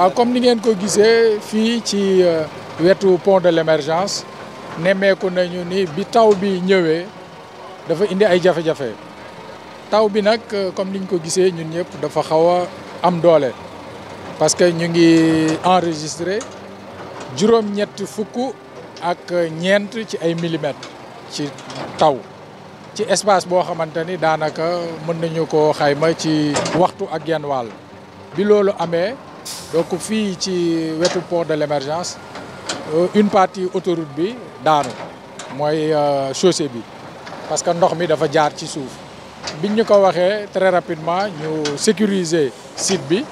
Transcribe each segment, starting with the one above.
waaw ah, comme ni ngeen ko gisee fii ci euh, wetu pont de l'émergence nemmeeku nañu ni bi taw bi ñëwee dafa indi ay jafe-jafe taw bi nag euh, comme niñ ko gisee ñun ñëpp dafa xaw a am doole parce que ñu ngi enregistré juróom-ñetti fukk ak ñeent ci ay millimètres ci taw ci espace boo xamante ni daanaka mën nañu ko xayma ci waxtu ak genn wàll bi loolu amee donc fii ci wetu port de l'émergence euh, une partie autoroute bi daanu mooy euh, chaussée bi parce que ndox mi dafa jaar ci suuf bi ñu ko waxee très rapidement ñu sécuriser site bi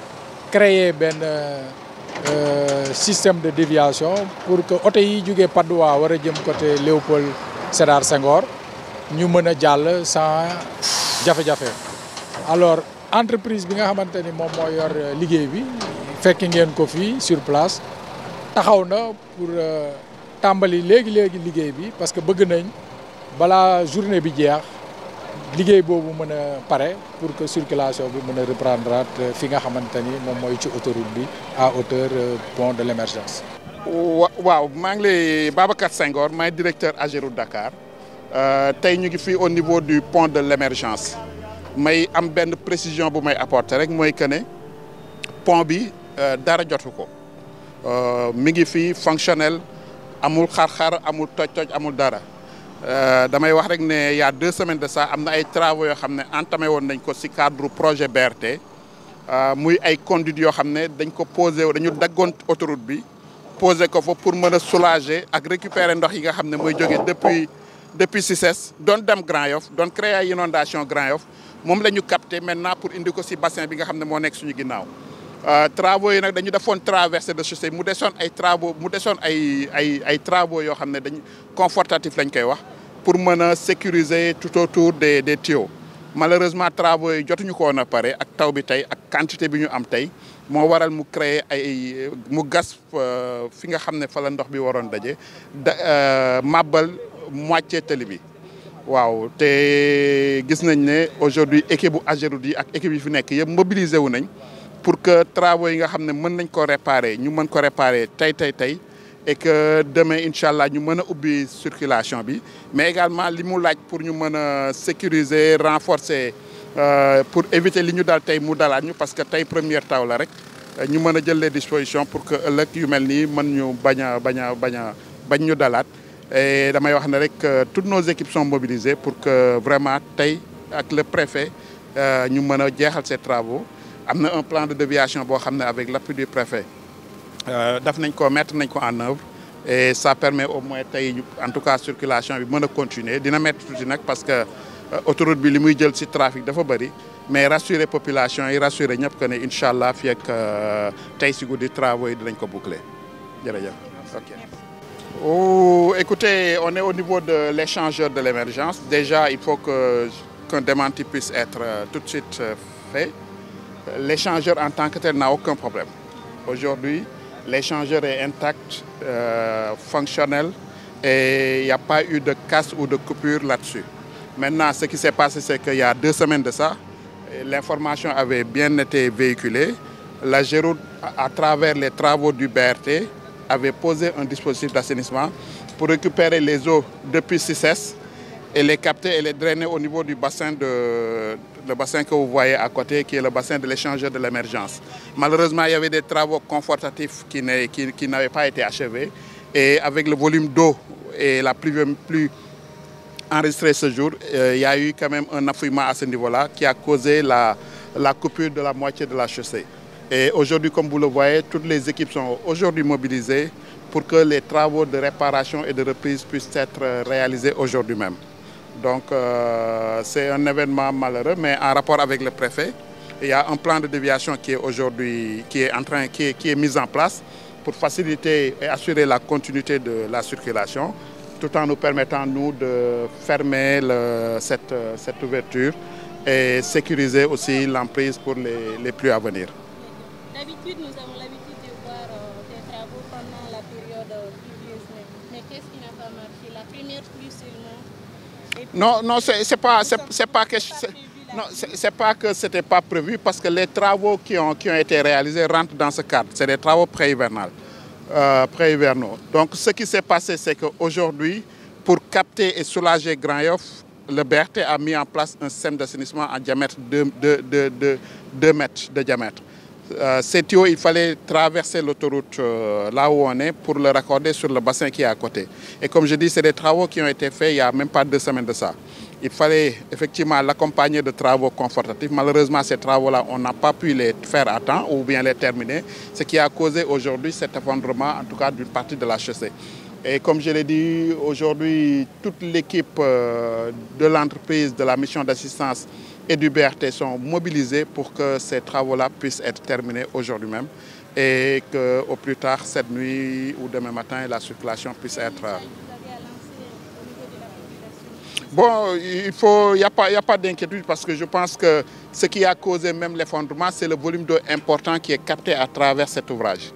créer benn euh, système de déviation pour que oto yi jógee Padoua war a jëm côté Léopold Sédar Senghor ñu mën a jàll sans jafe-jafe alors entreprise bi nga xamante ni moom moo yor liggéey bi fekk ngeen ko fii sur place taxaw na pour euh, tàmbali léegi léegi liggéey bi parce que bëgg nañ balaa journée bi jeex liggéey boobu mën a pare pour que circulation bi mën a reprendre euh, fi nga xamante ni moom mooy ci autoroute bi à hauteur euh, pont de l'émergence. waaw maa ngi lay Babacar Senghor maay directeur Ageroute Dakar tey ñu ngi fii au niveau du pont de l'émergence may am benn précision bu may apporter rek mooy que ne pont bi Euh, dara jotu ko euh, mi ngi fii fonctionnel amul xar-xar amul toj-toj amul dara euh, damay wax rek ne y a deux semaines de ça am na ay travaux yoo xam ne entamé woon nañ ko si cadre projet BRT muy ay conduites yoo xam ne dañ ko posé dañu daggoon autoroute bi pose ko fa pour mën a soulager ak récupérer ndox yi nga xam ne mooy jógee depuis depuis Cissesse don dem Grand Yoff doon créer ay inondation Grand Yoff moom la ñu capté maintenant pour indi ko si bassin bi nga xam ne moo nekk suñu ginnaaw Euh, travaux yi nag dañu defoon traversée de chaussée mu desoon ay travaux mu desoon ay ay ay travaux yoo xam ne dañ confortatif lañ koy wax pour mën a sécuriser tout autour des des tuyaux malheureusement travaux yi jotuñu ko woon a pare ak taw bi tey ak quantité bi ñu am tey moo waral mu créer ay mu gas euh, fi nga xam ne fa ndox bi waroon daje da euh, màbbal moitié tali bi waaw te gis nañ ne aujourd'hui équipe bu Ageroute yi ak équipe yi fi nekk yëpp mobilisé wu nañ pour que travaux yi nga xam ne mën nañ ko réparer ñu mën ko réparer tey tey tey et que demain incha allah ñu mën a ubbi circulation bi mais également li mu laaj pour ñu mën a sécuriser renforcer euh, pour éviter li ñu dal tey mu dalaat ñu parce que tey première taw la rek ñu mën a jël les dispositions pour que ëllëg yu mel nii mën ñu bañ a bañ bañ a bañ ñu dalaat e damay wax ne rek toutes nos équipes sont mobilisées pour que vraiment tey ak le préfet euh, ñu mën a jeexal ces travaux am na un plan de déviation boo xam ne avec l'appui du préfet euh, daf nañ ko mettre nañ ko en œuvre et ça permet au moins tey en tout cas circulation bi mën a continuer dina mettre tuuti nag parce que euh, autoroute bi li muy jël si trafic dafa bëri mais rassurer population yi rassurer ñëpp que ne incha allah fii ak euh, tey ci guddi travaux yi dinañ ko boucler jërëjëf ok. Oh, écoutez, on est au niveau de l'échangeur de l'émergence. Déjà, il faut que qu'un démenti puisse être l'échangeur en tant que tel n'a aucun problème. Aujourd'hui, l'échangeur est intact, euh, fonctionnel, et il n'y a pas eu de casse ou de coupure là-dessus. Maintenant, ce qui s'est passé, c'est qu'il y a deux semaines de ça, l'information avait bien été véhiculée. La Géroute, à travers les travaux du BRT, avait posé un dispositif d'assainissement pour récupérer les eaux depuis CICES et les capter les drainer au niveau du bassin de le bassin que vous voyez à côté qui est le bassin de l'échangeur de l'émergence. Malheureusement, il y avait des travaux confortatifs qui n'avaient qui, qui pas été achevés et avec le volume d'eau et la pluie plus enregistrée ce jour, euh, il y a eu quand même un affouillement à ce niveau-là qui a causé la, la coupure de la moitié de la chaussée. Et aujourd'hui, comme vous le voyez, toutes les équipes sont aujourd'hui mobilisées pour que les travaux de réparation et de reprise puissent être euh, réalisés aujourd'hui même. Donc euh, c'est un événement malheureux, mais en rapport avec le préfet, il y a un plan de déviation qui est aujourd'hui, qui est en train, qui mis en place pour faciliter et assurer la continuité de la circulation, tout en nous permettant, nous, de fermer le, cette, cette, ouverture et sécuriser aussi l'emprise pour les, les pluies à venir. Non, non, c'est pas, c'est pas que c'est c'était pas prévu parce que les travaux qui ont qui ont été réalisés dans ce cadre. C'est des travaux préhivernaux, euh, préhivernaux. Donc ce qui s'est passé, c'est qu'aujourd'hui, pour capter et soulager Grand Yoff, le BRT a mis en place un système d'assainissement en diamètre de de de de 2 mètres de diamètre. Euh, cette eau, il fallait traverser l'autoroute euh, là où on est pour le raccorder sur le bassin qui est à côté. Et comme je dis, c'est des travaux qui ont été faits il n'y a même pas deux semaines de ça. Il fallait effectivement l'accompagner de travaux confortatifs. Malheureusement, ces travaux-là, on n'a pas pu les faire à temps ou bien les terminer, ce qui a causé aujourd'hui cet effondrement, en tout cas d'une partie de la chaussée. Et comme je l'ai dit, aujourd'hui, toute l'équipe euh, de l'entreprise, de la mission d'assistance et du BRT sont mobilisés pour que ces travaux-là puissent être terminés aujourd'hui même et au plus tard, cette nuit ou demain matin, la circulation puisse être... Euh, bon, il a pas, il d'inquiétude parce que je pense que ce qui a causé même l'effondrement, c'est le volume d'eau important qui est capté à travers cet ouvrage.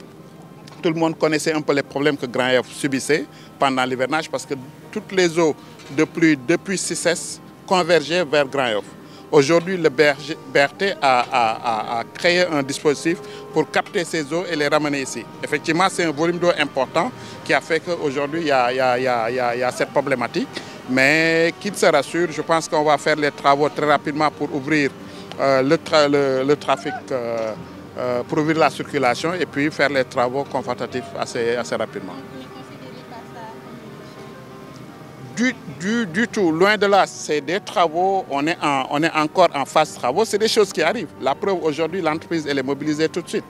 Tout le monde connaissait un peu les problèmes que Grand F subissait pendant l'hivernage parce que toutes les eaux de pluie depuis Cissesse convergeaient vers Grand F. Aujourd'hui, le BRT a, a, a, a, créé un dispositif pour capter ces eaux et les ramener ici. Effectivement, c'est un volume d'eau important qui a fait qu'aujourd'hui, il, il, il y a cette problématique. Mais qu'il se rassure, je pense qu'on va faire les travaux très rapidement pour ouvrir euh, le, tra le, le, trafic, euh, euh, pour ouvrir la circulation et puis faire les travaux confortatifs assez, assez rapidement. du, du, du tout, loin de là. C'est des travaux, on est, en, on est encore en phase travaux, c'est des choses qui arrivent. La preuve, aujourd'hui, l'entreprise, elle est mobilisée tout de suite.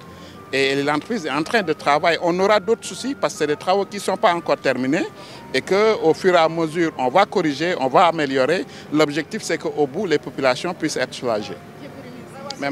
Et l'entreprise est en train de travailler. On aura d'autres soucis parce que c'est des travaux qui ne sont pas encore terminés et qu'au fur et à mesure, on va corriger, on va améliorer. L'objectif, c'est qu'au bout, les populations puissent être soulagées. Mais